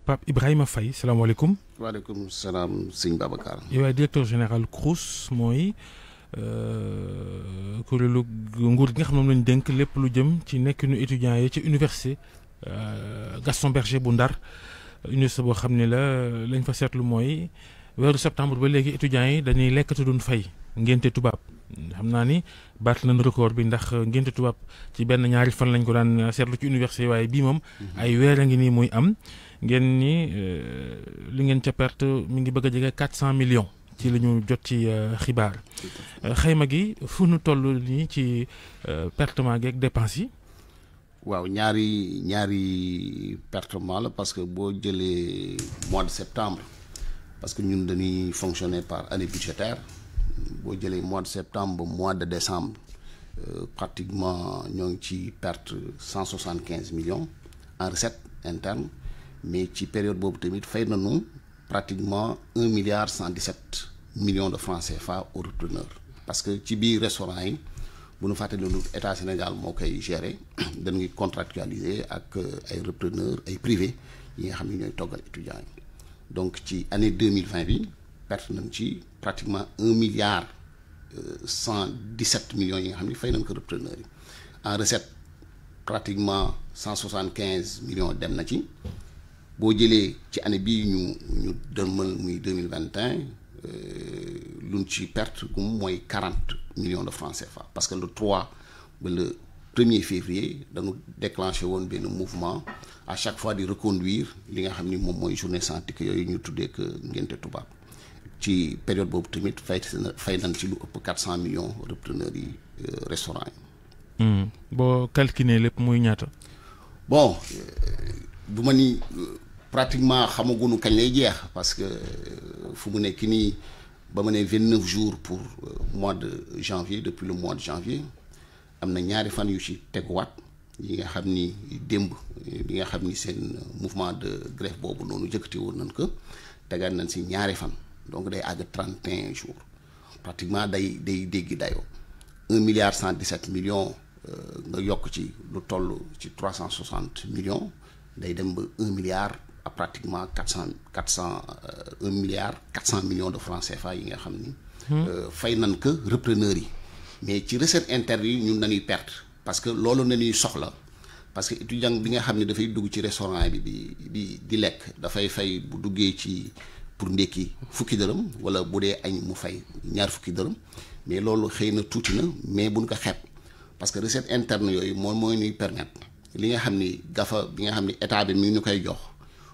Pape Ibrahim Faye salaamaaleykum. waaleykum salaam sëñ Babacar. yow yaay directeur général CROUS mooy euh, kuréelu nguur gi nga xam ne moom lañ dénk lépp lu jëm ci nekkinu étudiants yi ci université euh, Gaston Berger bu Ndar université boo xam ne la lañ fa seetlu mooy weeru septembre ba léegi étudiants yi dañuy lekk te duñ fay ngénte tubaab. xam naa ni baat nañ record bi ndax ngénte tubab ci ben ñaari fan lañ ko daan seetlu ci université waye bi mom mm-hmm. ay weer a ngi nii am ngeen ni euh, li ngeen ca perte mi ngi bëgg a jege millions ci li ñu jot ci euh, xibaar euh, xayma gi fu nu toll nii ci pertement geeg dépense yi. waaw ñaari ñaari pertement la parce que boo jëlee mois de septembre parce que ñun dañuy fonctionner par année budgétaire boo jëlee mois de septembre mois de décembre pratiquement ñoo ngi ci perte 175 millions en recette interne mais ci période bobu tamit avons pratiquement un milliard cent millions de francs CFA aux repreneurs. parce que ci bi restaurant yi bu ñu fàttali état Sénégal qui koy gérer ngi contractualiser ak euh, ay repreneurs ay privés yi nga xam étudiants donc ci année 2020 mille vingt bi perte ci pratiquement un milliard euh, cent millions yi nga xam ko repreneurs en recette pratiquement 175 millions dem na ci. Si nous ci année bi ñu ñu muy 2021 euh luñ perte de moy 40 millions de francs CFA parce que le 3 le 1er février nous avons déclenché un mouvement à chaque fois de reconduire li nga xamni mom moy journée sans tic yoy ñu que que ngenté tuba ci période bobu tamit fait fay nañ 400 millions de yi euh, restaurant yi hmm bo calculer lepp bon euh, pratiquement xamaguñu kañ lay parce que euh, fu jours pour euh, mois de janvier depuis le mois de janvier Il ñaari mouvement de grève donc jours pratiquement milliard 117 millions nga ci millions un milliard à pratiquement 400 400 1 milliard 400 millions de francs CFA yi nga xam ni. Hmm. Euh, fay nan que repreneurs yi. mais ci recette interne yi ñun nañuy perdu parce que loolu nañuy soxla parce que étudiant bi nga xamni da fay dugg ci restaurant bi di di lek da fay fay bu duggé ci pour ndékki fukki deureum wala bu agn mu fay ñaar fukki deureum mais lolu xeyna na na mais buñ ko xép parce que recette interne yooyu moom mooy ñuy permettre li nga xamni ni dafa bi nga xamni état bi mi ñukay jox.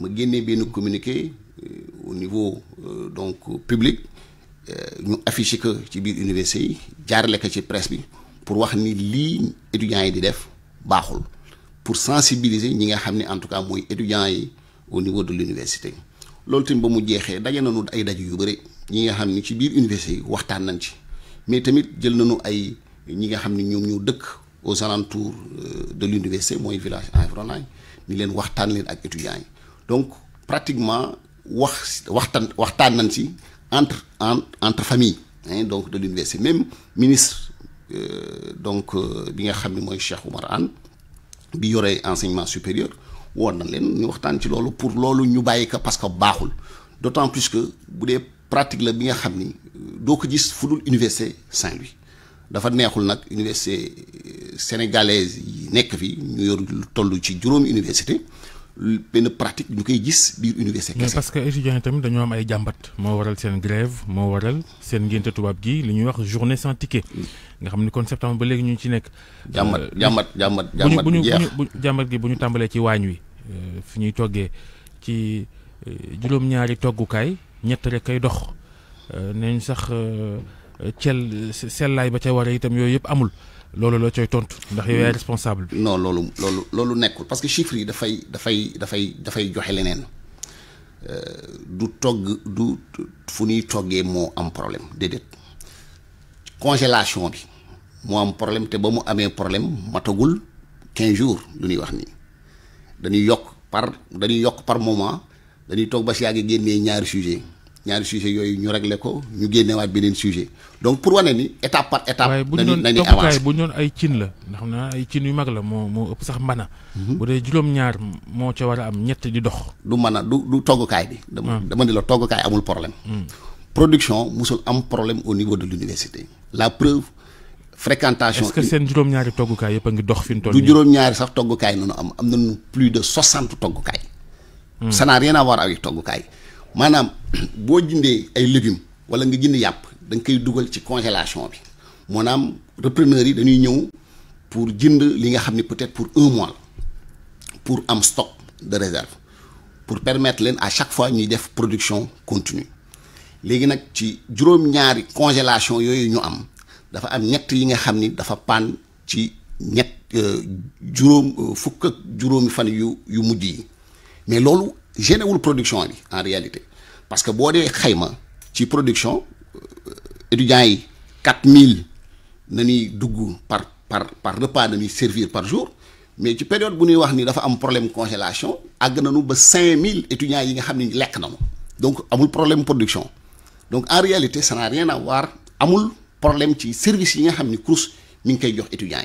ma génnee benn communiqué euh, au niveau euh, donc public euh, ñu afficher que ci biir université yi jaarale ko ci presse bi pour wax ni li étudiants yi di def baaxul pour sensibiliser ñi nga xam en tout cas moy étudiants yi au niveau de l'université loolu tim ba mu jeexee dajé nañu ay daj yu bëri ñi nga xam ci biir université yi waxtaan nañ ci mais tamit jël nañu ay ñi nga xam ni ñoom ñoo dëkk aux alentours de l'université moy village environnant ni leen waxtaan leen ak étudiants yi donc pratiquement wax waxtan waxtaan nañ entre en entre famille hein, donc de l'université même ministre euh, donc euh, bi nga xamni moy Cheikh Oumar bi yoré enseignement supérieur woon na leen ñu ci lolu pour lolu ñu bàyyi ka parce que baaxul d'autant plus que boudé pratique la bi nga xamni euh, do ko gis fu université Saint-Louis dafa neexul nak université euh, sénégalaise yi nekk fi ñu yor lu ci juroom université benn pratique ñu koy gis biir université. mais parce que étudiants yi tamit dañoo am ay jambat mo waral sen grève mo waral sen ngénte tubaab gi li ñuy wax journée sans ticket. nga xamni kon septembre ba légui ñu ci nek jàmbat jàmbat euh, jàmbat jàmbat bu bu ñu gi buñu tambalé ci waañ wi. Euh, fi ñuy toggé ci euh, juróom-ñaari toggu kay ñett rek kay dox nañ sax. Euh, cell lay ba ca waré itam yooyu yëpp amul lolu la cooy tontu ndax yow responsable non lolu lolu lolu nekul parce que chiffres yi da da fay fay da fay da fay joxe leneen euh, du togg du fu ñuy toggee moo am problème dedet congélation bi mo am problème te ba mu amé problème matagul 15 jours lu ñuy wax ni dañuy yok par dañuy yok par moment dañuy toog ba si yàgg génnee ñaari sujet ñaari sujet yooyu ñu réglé ko ñu génnewaat beneen sujet donc pour wane ni étape par étape. waaye bu ñu doon toppukaay bu ñu doon ay cin la nga na ay cin yu mag la moo moo ëpp sax mbana. Mhm. bu dee juróom-ñaar moo ca war a am ñett di dox. du mën du du toggukaay bi. Ah. dama ni la toggukaay amul problème. Hmm. production musul am problème au niveau de l'université. la preuve fréquentation. est-ce que seen juróom-ñaari toggukaay yëpp a ngi dox fi mu toll du juróom-ñaari sax toggukaay noonu am am nañu plus de soixante toggukaay. Hmm. ça n'a rien à voir avec toggukaay manam bo jëndee ay légumes wala nga jënd yàpp dang nga koy dugal ci congélation bi monam repreneurs yi dañuy ñëw pour jënd li nga xamni peut-être pour un mois pour am stock de réserve pour permettre len à chaque fois ñuy def production continue légui nak ci juroom ñaari congélation yoyu ñu am dafa am ñett yi nga xamni dafa paan ci ñett euh, juroom euh, fukk ak fan yu yu mujj mais lolu génne wul production en réalité parce que si dé xayma ci production euh, étudiants yi 4000 nani par par par repas mais nous servir par jour mais ci période où ñuy wax ni dafa am problème congélation àgg nañu ba 5000 étudiants yi nga xamni problème de donc amul problème production donc en réalité ça n'a rien à voir amul problème ci service yi nga xamni CROUS mi étudiants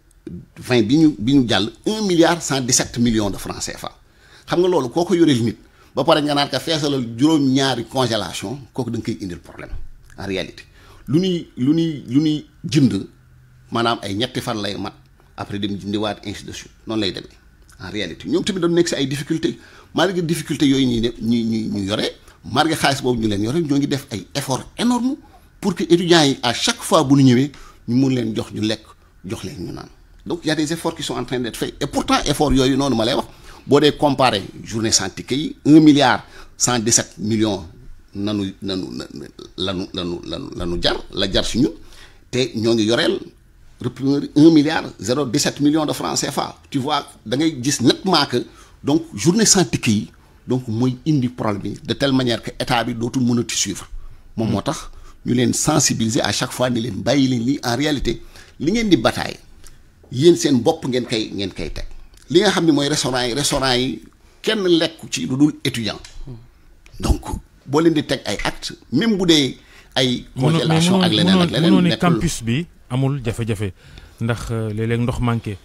20 biñu biñu jall 1 milliard 117 millions de francs CFA xam nga lolu koko ko nit ba paré nga naan ka feesalal juroom ñaari congélation koko da nga koy indil problème en réalité lu ñuy lu ñuy lu ñuy jënd maanaam ay ñetti fan lay mat après dem jëndiwaat ainsi de suite noonu lay demee en réalité ñom tamit dañu nekk si ay difficultés malgré difficultés yoy ñuy ñi ñu ñu ñu malgré xaalis boobu ñu leen yoré ñoo ngi def ay effort énorme pour que étudiants yi à chaque fois bu ñu ñëwee ñu mun leen jox ñu lek jox leen ñu naan donc il y a des efforts qui sont en train d'être faits et pourtant effort yooyu noonu ma lay wax bo la comparer journée sans ticket yi milliard 117 millions nanu nanu lanu lanu lanu lanu jar la jar ci ñun té ñoo ngi reprendre un milliard zéro millions de francs CFA tu vois da ngay gis nettement que donc journée sans ticket yi donc moy indi problème de telle manière que état bi mëna mënati suivre mom motax nous ñu leen sensibiliser à chaque fois ni leen bàyyi en réalité li ngeen di bataille yéen seen bopp ngeen koy ngeen kay teg li nga xam ne mooy restaurant yi restaurant yi kenn lekku ci lu dul étudiant donc boo leen di teg ay acte même bu dee ay congélation ak leneen ak leneen nekkul campus bi amul jafe ndax euh, léeg ndox manqué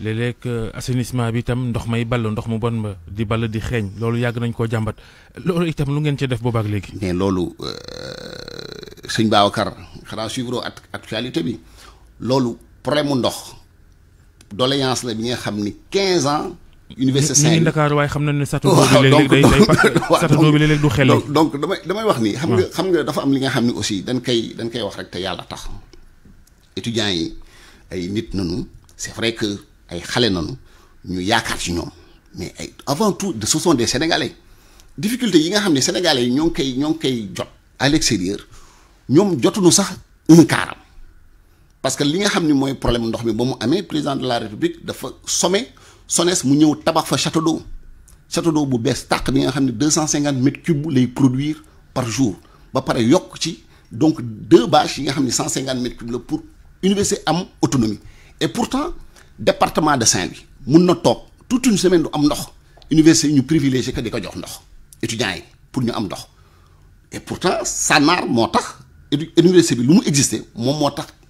léeg-léeg euh, assainissement bi itam ndox may ball ndox mu bon ba di ball di xeeñ loolu yàgg nañ koo jàmbat loolu itam lu ngeen ci def boobaak léegi mais loolu euh, sëñ Babacar xanaa suivre actualité bi loolu problème mu ndox doléance la bi nga 15 ans. université saint donc damay damay wax ni. xam nga xam nga dafa am li nga aussi dañ koy dañ koy wax rek te étudiants yi ay c'est vrai que ay xale nanu ñu yaakaar ci ñoom mais avant tout ce sont des sénégalais difficulté yi nga xam sénégalais yi ñoo ngi koy à sax parce que ce nga est ni problème ndox mi le président de la république dafa sommet SONES mu au tabac, fa château d'eau château d'eau bu bees tàq bi nga 250 mètres cubes lay produire par jour ba donc deux bâches il nga 150 mètres cubes pour université am autonomie et pourtant département de Saint-Louis top, toute une semaine du am ndox université ñu privilégiée que di ko jox étudiants pour ñu am et pourtant Sanar n'a pas université bi existe, mu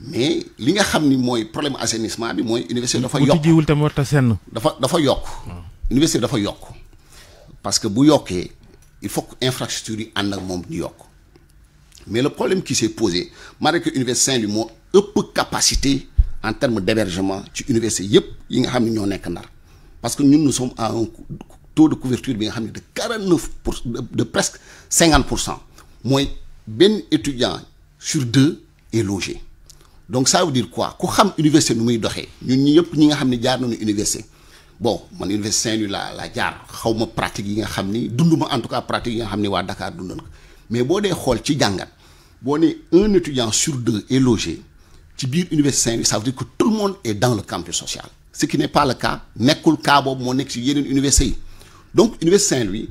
mais li nga xamni moy problème assainissement bi moy université dafa yok bu jiwul tam war ta dafa dafa yokk. Ah. université dafa yokk parce que bu yoké il faut que infrastructure yi and ak mom ñu yok mais le problème qui s'est posé malgré que université Saint-Louis moo ëpp capacité en termes d'hébergement ci université yépp yi nga xamni ne ñoo nekk ndar parce que ñun nous sommes à un taux de couverture bi nga xamni de quarante neuf de presque cinquante pour cent étudiant sur deux est logé donc ça veut dire quoi ku xam université nu muy doxee ñun ñi yëpp ñi nga xamni jaar nañu université bon man université Saint-Louis la la jaar xawma pratique yi nga xamni, dunduma en tout cas pratique yi nga xamni wa Dakar dundoon ko mais bo dé xol ci jàngat bo ne un étudiant sur deux est logé ci biir université Saint-Louis ça veut dire que tout le monde est dans le campus social ce qui n'est pas le cas nekul cas bobu mo nekk ci yeneen université yi donc université Saint-Louis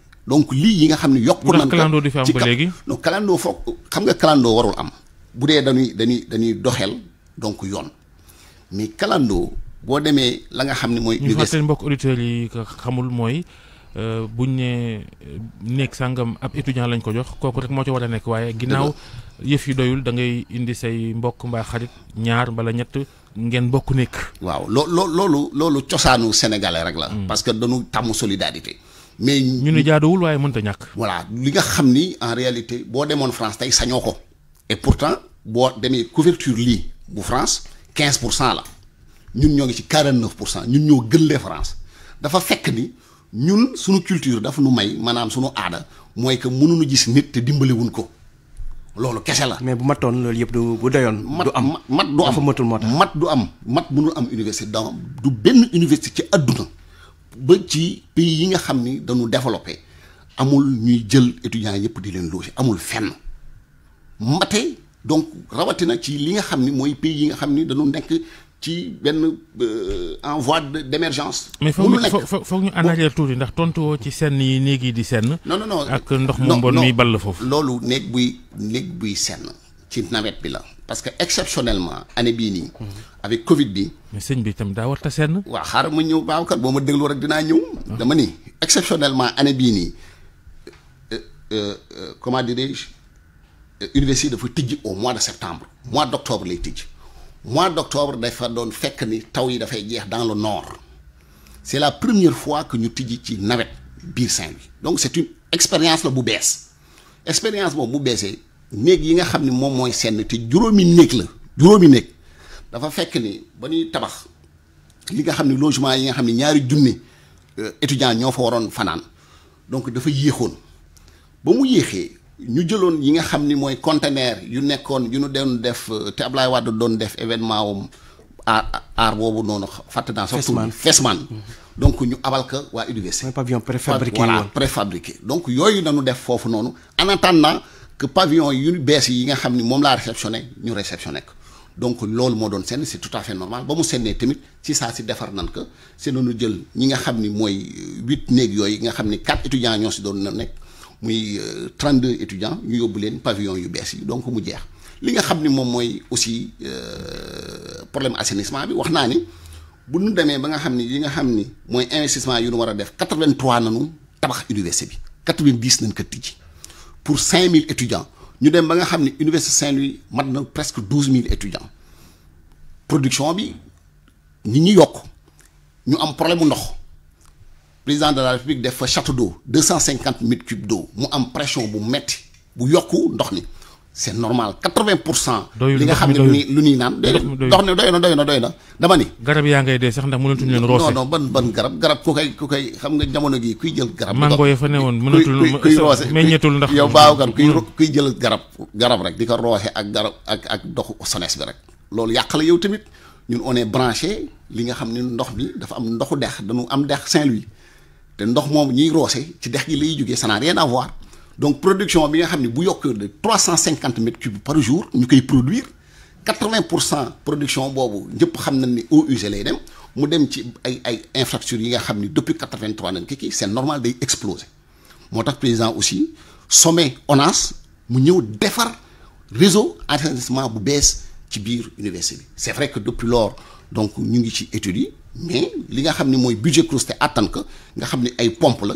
donc li yi nga xamni ne yokku nan calando ci fi am ba non calando foog xam nga kalando warul am budé dañuy dañuy dañuy doxel donc yoon mais kalando bo démé la nga xamni moy ñu fatel mbokk auditeur yi xamul euh buñ euh, né nek sangam ab étudiant lañ ko jox koku rek mo ci wara nek waye ginnaw yef yëf yu doyul da ngay indi say mbokk mba xarit ñaar mbala ñett ngeen bokk nek waaw lo lo lolu ciosanu sénégalais rek la mm. parce que dañu tam solidarité mais ñu mënta ñak voilà li nga xamni en réalité France et pourtant sommes couverture li bu France 15 pour la ñun 49 nous ñun ñoo France dafa fekk ni ñun suñu culture dafa nu may manam suñu aada que ñu gis nit te ko lolu kessé la. mais bu lolu du bu du am mat du am mat du am mat am université du ben université ci ba ci pays yi nga xam ni dañu développé amul ñuy jël étudiants yëpp di leen loger amul fenn mate donc rawatina ci li nga xam ni mooy pays yi nga xam ni dañu nekk ci benn euh, en voie d'émergence. mënu mais foog foog ñu analyser tuuti ndax tontu woo ci senn yi néeg yi di senn. non non non ak ndox moom mbon mi ball foofu. loolu néeg buy néeg buy senn ci bi parce que exceptionnellement année bi ni mhm. avec Covid bi. mais seigne bi tam da war ta sen wa xaaral ma ñëw baaw kat boo ma rek dina ñëw. Ah. dama ni exceptionnellement année bii nii euh, euh, euh, comment dire je université dafa tijj au mois de septembre. mois d'octobre, lay mois d'octobre, octobre dafa doon fekk ni taw yi dafay jeex dans le nord. C'est la première fois que ñu tijji ci navette bir Saint-Louis donc c'est une expérience la bu bess expérience boobu bu bessé néeg yi nga xamni mom moy sen te juróomi néeg la juróomi néeg dafa fekk ni ba tabax li nga xamni logement yi nga xamni ñaari junni euh, étudiant ño fa waroon fanan donc dafa yexone ba mu yexé ñu jëlone yi nga xamni moy mooy conteneur yu nekkoon yu ñu den def euh, te Ablaye wad doon def événement wam aar bobu nonu noonu dans surtout sax Fesman mhm. donc ñu abal ka wa université. mooy pavillon préfabriqué voilà préfabriqué donc yoyu nañu def fofu nonu en attendant que pavillon yu bess yi nga xamni mom la réceptionné ñu réceptionné ko donc lool mo doon sen c'est tout à fait normal ba mu senné tamit ci saa ci defar nan ko c'est nonu jël ñi nga xamni moy 8 huit yoy nga xamni 4 étudiants ñoo ci doon nek muy 32 euh, étudiants ñu yóbbu leen pavillon yu bess yi donc mu jeex li nga xamni mom moy mooy aussi euh, problème assainissement bi waxna ni bu ñu démé ba nga xamni yi nga xamni moy investissement yu ñu wara a def quatre vingt nanu tabax université bi 90 nañ ko tijji pour 5000 étudiants Nous, avons ba nga Saint-Louis mat na presque 12000 étudiants La production nous New ñi Nous ñu problème Le président de la république a fait un château d'eau 250 m cubes d'eau mu une pression bu metti bu yokku ndox mi c'est normal 80 li nga xam lu ni naan doy dox ne doyna na doy dama ni. garab ya ngay dé sax ndax mënatuñu leen rosé non non ban ban garab garab ku kay ku kay xam nga jamono gi kuy jël garab. mango ya fa newoon mënatul kuy roose meññetul ndax. yow baaw kan kuy mm. kuy jël garab garab rek diko ko ak garab ak ak dox SONES bi rek. loolu yakala yow tamit ñun on est branché li nga xam ndox bi dafa am ndoxu dex dañu am dex Saint-Louis te ndox mom ñi rosé ci dex gi lay jógee ça n'a rien à voir donc production bi nga de 350 mètres cubes par jour nous pouvons produire 80% de production boobu ñëpp xam nañ ni eaux usées lay dem mu infrastructures depuis 83 c'est normal d'exploser. exploser moo président aussi sommet ONAS mu nous defar réseau assainissement bu baisse ci l'université. c'est vrai que depuis lors donc ñu ngi mais li nga un budget CROUS attend que, vous nga xam pompes ay pompe la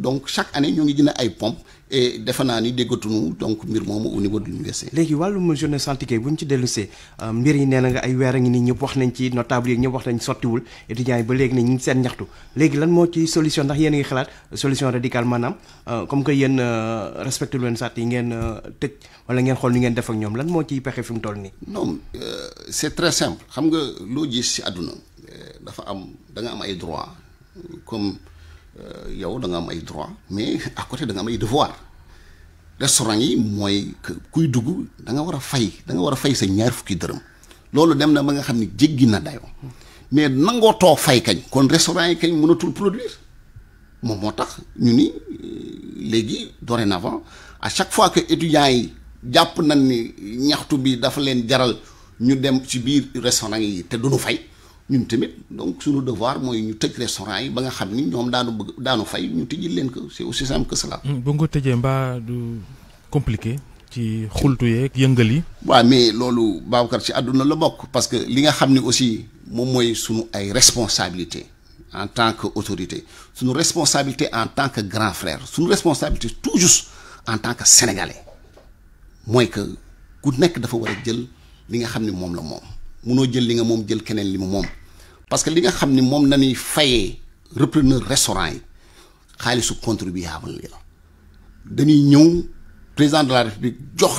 donc chaque année nous y une ay pompe et defe naa ni déggatuñu donc mbir moomu au niveau de l'université léegi wàllum journée santé bu ñu ci dellusee euh, mbir yi nee na nga ay weer a ngi ni ñëpp wax nañ ci notable yi ñëpp wax nañ sottiwul étudiants yi ba léegi ne ñu seen ñaxtu léegi lan moo ci solution ndax yéen a ngi xalaat solution radicale maanaam euh, comme que yéen euh, respecté lu leen sart yi ngeen tëj wala ngeen xool ni ngeen def ak ñoom lan moo ciy pexe fi mu toll nii. non c'est très simple xam nga loo gis ci àdduna dafa am da nga am ay droit Euh, yow da nga am ay droit mais à côté da nga am ay devoir restaurant yi mooy kuy dugg da nga war a fay da nga war a fay sa ñaar fukki dërëm loolu dem na ba nga xam ni jéggi na dayoo mais nangoo too fay kañ kon restaurant yi kañ mënatul produire moom moo tax ñu ni euh, léegi dorénavant à chaque fois que étudiants yi jàpp nañ ni ñaxtu bi dafa leen jaral ñu dem ci biir restaurant yi te duñu fay ñun tamit donc suñu devoir moy ñu tëj restaurant yi ba nga xamni ñom daanu bëgg daanu fay ñu tëjil leen ko c'est aussi simple que cela. Hmm, bu nga ko tëjee du compliqué. ci xultu yeeg yëngal yi. waaw mais lolu babakar ci aduna la bok parce que li nga xamni aussi mom moy suñu ay responsabilité en tant que autorité suñu responsabilité en tant que grand frère suñu responsabilité tout juste en tant que sénégalais moy que ku nekk dafa wara jël li nga xamni mom la mom munoo jël li nga moom jël keneen li mu moom parce que li nga xamni mom nañuy fayé le restaurant yi xalisu contribuable li la dañuy ñëw président de la république jox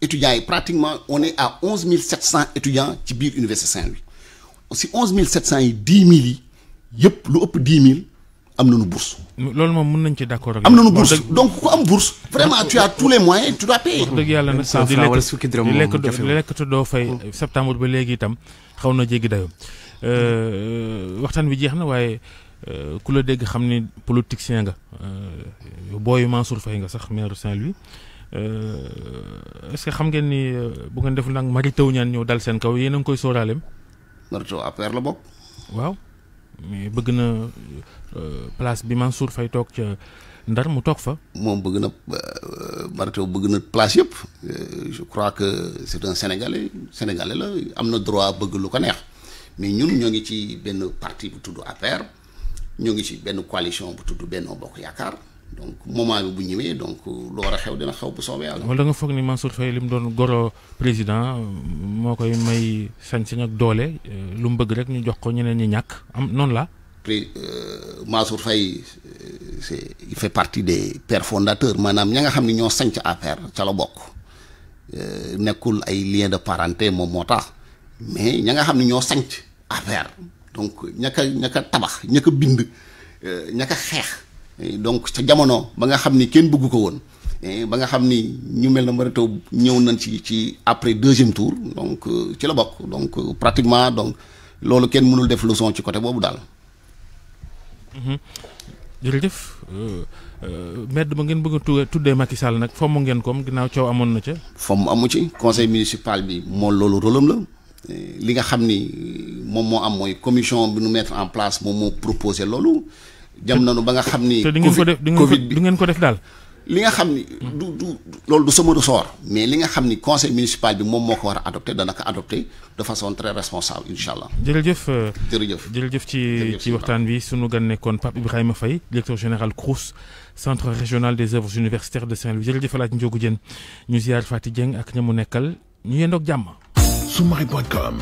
étudiants pratiquement on est à 11700 étudiants ci biir université saint louis aussi 11700 10 10000 yépp lu ëpp 10000 am nañu bourse loolu moom mën nañ ci d' accord bourse donc ku am bourse vraiment tu as tous les moyens tu dois payer dëgg yàlla nag sax di lekk di septembre ba léegi itam xaw euh, waxtaan bi jeex na waaye euh, ku la dégg xam ne politicien nga euh, booyu Mansour fay nga sax maire Saint-Louis est-ce que xam ngeen ni bu ngeen deful nag mari Teuw Niane ñëw dal seen kaw yéen a ngi koy sóoraaleem. Marito affaire la bokk. waaw mais bëgg na place bi Mansour fay toog ca Ndar mu toog fa. moom bëgg na Marito bëgg na place yëpp je crois que c'est un Sénégalais Sénégalais la am na droit bëgg lu ko neex. mais ñun ñoo ngi ci benn partie bu tudd affaire ñoo ngi ci benn coalition bu tudd Benno Bokk Yaakaar donc moment bu ñëwee donc lu war a xew dina xew bu soobee yàlla. wala nga foog ni Mansour Faye li mu doon goro président moo koy may sañ doole eh, lu mu bëgg rek ñu jox ko ñeneen ñi ñàkk am noonu la. pré euh, Mansour Faye euh, c'est il fait partie des pères fondateurs maanaam ña nga xam ne ñoo sanc affaire ca la bokk euh, nekkul ay lien de parenté moom moo tax mais ña nga xam ne ñoo sanc affaire donc ñaka ñaka tabax ñaka bind euh, ñaka xex donc ci jamono ba nga xamni kene hamni bëgg ko won ba nga xamni ñu mel na marito ñew nañ ci ci après deuxième tour donc euh, ci la bok donc euh, pratiquement donc lolu kene mënul def leçon ci côté boobu daal mhm. jërëjëf med ma ngeen bëgg tuddé Macky Sall nag fomm ngeen kom ginaaw ciow amon na ca fomm amu ci conseil municipal bi mo lolu rolam la li nga xamni euh, mom mo am moy commission bi nous mettre en place mom mo proposé loolu. jam nañu ba nga xamni Covid. du ngeen ko def dal li nga xamni du du loolu du sama ressort mais li nga xamni conseil municipal bi mom moko wara adopter a adopté adopté de façon très responsable incha allah. jërëjëf euh, jërëjëf jërëjëf ci ci waxtan bi sunu gan nekkoon Pape Ibrahima fay directeur général CROUS centre régional des œuvres universitaires de Saint-Louis jërëjëf Alaaji jogu Diène ñu ziar Fatou ak ñamu nekkal ñu yendoog jamm sousmarin.com.